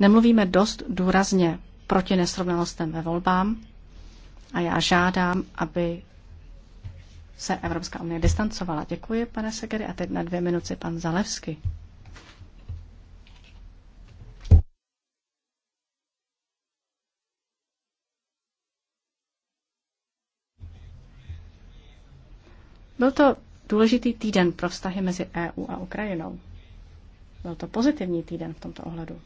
nemluvíme dost důrazně proti nesrovnalostem ve volbám a já žádám, aby se Evropská unie distancovala. Děkuji, pane Segery, a teď na dvě minuty pan Zalevsky. Byl to důležitý týden pro vztahy mezi EU a Ukrajinou. Byl to pozitivní týden v tomto ohledu.